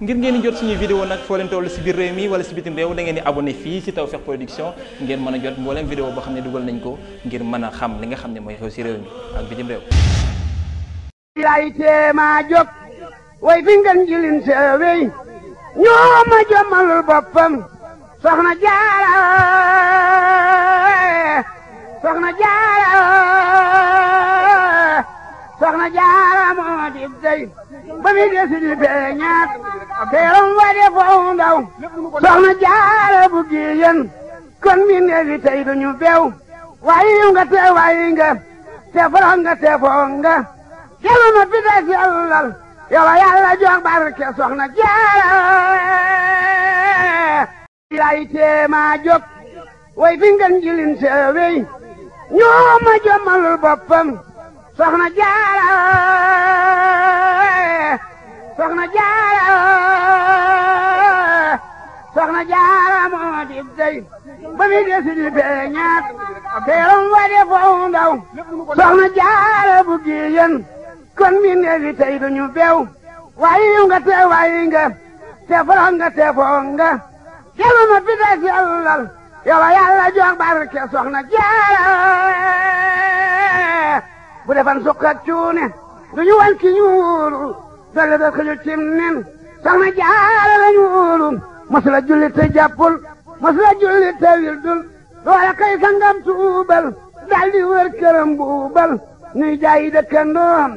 ngir ngeen di jot suñuy vidéo nag foo leen toll si biir réew mi wala si bitim réew da ngeen di abonné fii si Tawfekh Production ngeen mën a jot mbooleem vidéo boo xam ne dugal nañ ko ngir mën a xam li nga xam ne mooy xew si réew mi ak bitim réew lay teema jóg fi ngeen jilin sewey ñoo ma jommalul boppam soxna jaara soxna jaara soxna jaara tey ba muy desi di feeñaat a yaram wa de foofu ndaw soxna jaara bu giyen kon mi neefi tey duñu beew waaye yiw nga te waaye nga te forox nga te foog nga delu na fi tey sellal yàlla yàlla jox barke soxna jaara lay teema jóg way fi ngeen jilin seewey ñoo ma jommalul boppam soxna jaara wi desul beñaat teeram wa defoo ndaw soxna jaara bu giyen kon mi neefi tey duñu bew waayu nga te waayu nga te forox nga te foo nga yàlla ma fi des yàllal yow yàlla jox barke soxna jaara bu defan sukk ak cuune duñu wan ki ñuulu dolli def ko ñu cim nen soxna jaara la ñuulu mosula te jàppul mos julli te wirdul doole kay sangam tuubal daldi wër këram buubal nuy jaayi dëkkandoom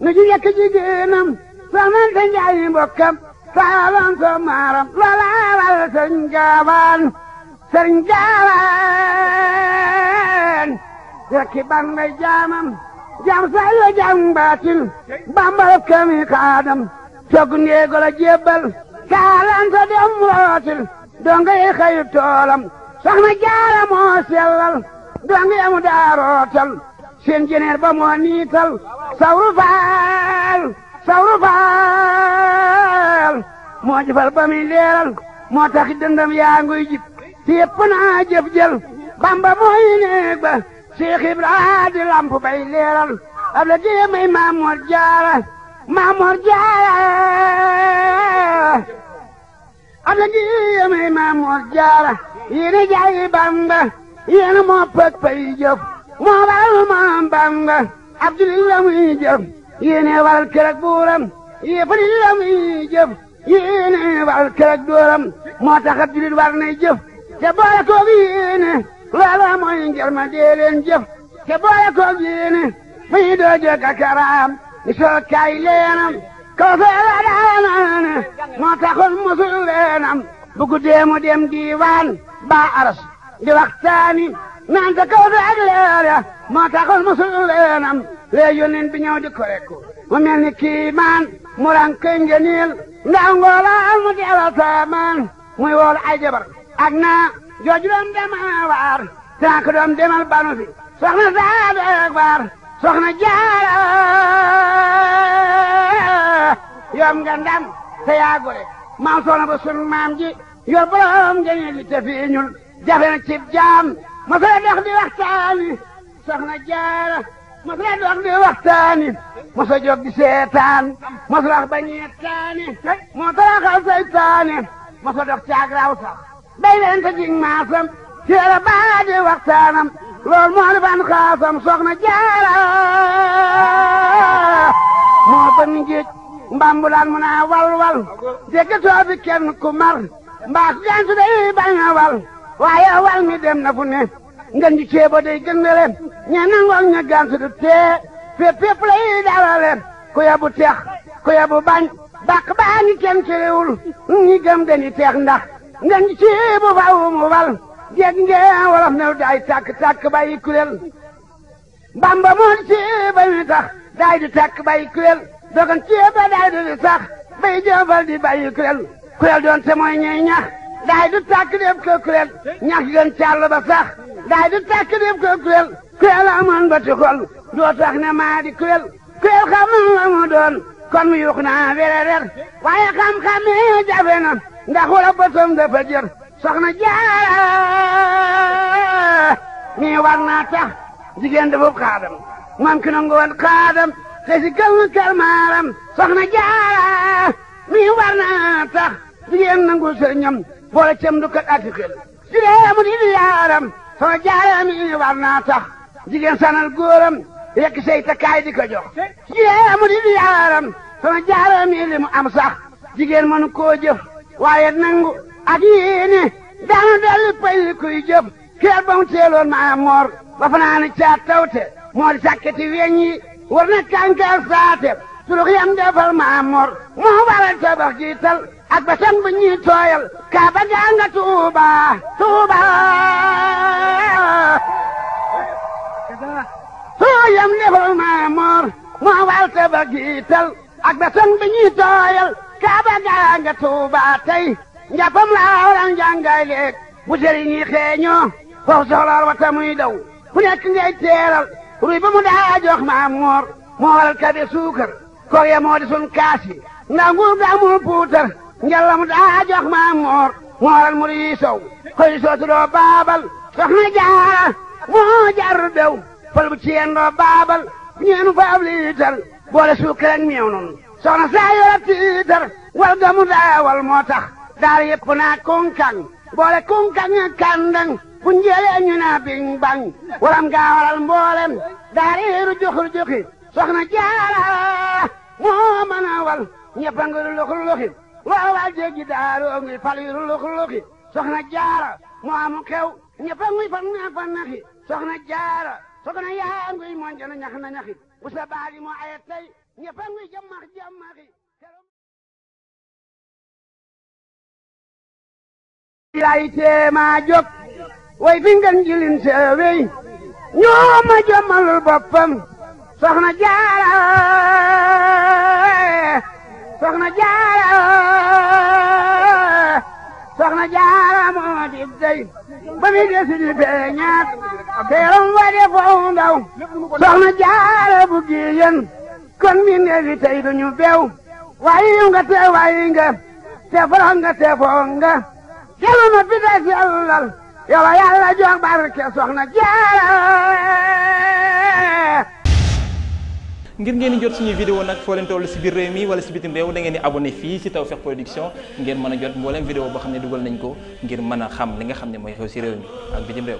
nu ji yekk jigéenam soxnante njaayi mbokkam faaloon maaram loolaawal sëñ jaabaan sëñ jaabaan rekki jaamam jam say la jam baatil bambal kami xaadam cog jébbal kaalanta dem rootil donga yi xayu toolam soxna jaara moo sellal donga yi amu daarootal seen jeneer ba moo niital sawru faal sawru faal moo jëfal ba muy leeral moo tax dëndam yaa nguy jib ti yëpp jëf jël bamba mooy néeg ba Seex Ibra di bay leeral ab la jéemay Maamoor Jaara Maamoor Jaara oto gi yéenay maam Mor Jaara yéena jaayi Bamba yéena moo pëg pay jëf moo waral maam Bamba Abdul la muy jëf yéena waral kër ak buuram yéefal la muy jëf yéena waral kër ak dóoram moo tax ab julit war nay jëf te boole koog yéene loola mooy ngir ma dee leen jëf te boole koog yéene muy doo jóg ak ni soo kaay leenam kawsara la daanaane moo taxoon musul leenam bu guddee mu dem diiwaan baa aras di waxtaani naan ta kawsara ak leer ya moo taxoon musul leenam lee yónneen bi ñëw di ko rekku mu mel ni kiimaan mu rankay ngeniil ndax ngoolaal mu deewal saamaan muy wool ay jabar ak naa jooju doon demaa waar tànk doon demal banu fi soxna saadu ak waar soxna jaara yoom nga ndam te yaa gore maam soxna ba maam ji yor borom nga li te fii jafe na cib jaam ma sala dox di waxtaani soxna jaara ma sala dox di waxtaani ma sa jóg di seetaan ma sa wax ba ñettaani moo taraxal saytaani ma sa dox caag raw sax day leen ta jig maasam ci la baa di waxtaanam lool moo di ban xaasam soxna jaara moo ba ni mbambulaan mu naa wal wal dégg too fi kenn ku mar mbaa ku gaañ su day bañ a wal waaye wal mi dem na fu ne ngën ji ba day gën na leen ñe nangoog ña gaañ su du tee fépp fépp la yi dara leen ku yebu teex ku yebu bañ bàq baa ngi kenn cëréwul ñi gëm dañuy teex ndax ngën ji ceebo fawu mu wal dégg ngeen wolof new day tàkk-tàkk bàyyi kuréel bamba moo di ceeba mi tax day di tàkk bàyyi kuréel dogan ci ba daay du di sax bay jëfal di bàyyi kuréel kuréel doon te mooy ñuy ñax daay du tàkk dem ko kuréel ñax gën ba sax daay du tàkk dem ko kuréel kuréel amoon ba ti xol doo tax ne maa di kuréel kuréel xam la mu doon kon mu yuux naa wererer waaye xam-xam yi jafe na ndax wala botom dafa jër soxna jaara mi war naa tax jigéen dafa xaadam moom ki nangu xaadam xëy si gal na kër maaram war na tax jigéen nangu sëriñam boole cem du kat ak xel jigéen mu di yaaram soxna jaara mi war na tax jigéen sanal góoram yekk say takkaay di ko jox jigéen mu di yaaram soxna jaara mi li mu am sax jigéen mënu koo waaye nangu ak yéene daanu dellu pay kuy jëf kër ba teeloon maa moor ba fanaane caa tawte moo di sàkketi weñ yi war na kànkal saate sulux yam defal maamor moo waral tabax jiital ak basam bu ñuy tooyal kaa tuuba tuuba sulux defal maamor moo waral tabax jiital ak basam bu ñuy tooyal kaa tuuba tey njàppam la waral njàngay leeg bu sëriñ yi xeeñoo foofu soxlaal wa tamuy daw ku nekk ngay teeral ruy ba mu daa jox maam moor moo waral kade suukar koog ya moo di sun kaas yi nguur daa puutar njalla mu daa jox maam moor moo waral mu di sow koy sootu doo baabal soxna jaara moo jaar dew fal bu doo baabal ñeenu faab liitar boole suukar ak meew noonu soxna saa yora tiitar wal ga mu daawal moo tax daar yëpp naa kunkaŋ boole kunkaŋ ak kàndaŋ bu njëlee ñu naa biñ bañ gaa waral mboolem daari ru joxir joxi soxna jaara moo mën a wal ñëpp a ngi lu luxi luxi waaw waa jéggi jaara moo amu xew ñëpp a ngi fan naa jaara soxna yaa ngi monjo na ñax na ñaxi bu sa moo ayet tey ñëpp a ngi jàmmax jàmmaxi maa jóg way fi ngeen jilin seewey ñoo ma jëmalul boppam soxna jaara soxna jaara soxna jaara moo di dey ba mi desi di feeñaat teeram wa de foow ndaw soxna jaara bu giyen kon mi neefi tey duñu beew waayi nga te waayi te forox nga te foow nga jelu na fi des yàllal yàlla yàlla jox barke soxna Jaara ngir ngeen di jot suñuy vidéo nag foo leen si biir réew mi wala si bitim réew dangeen di abonné fii si taw Tawfekh Production ngeen mën jot mbooleem vidéo boo xam ne dugal nañ ko ngir mën a xam li nga xam ne mooy xew si réew mi ak bitim réew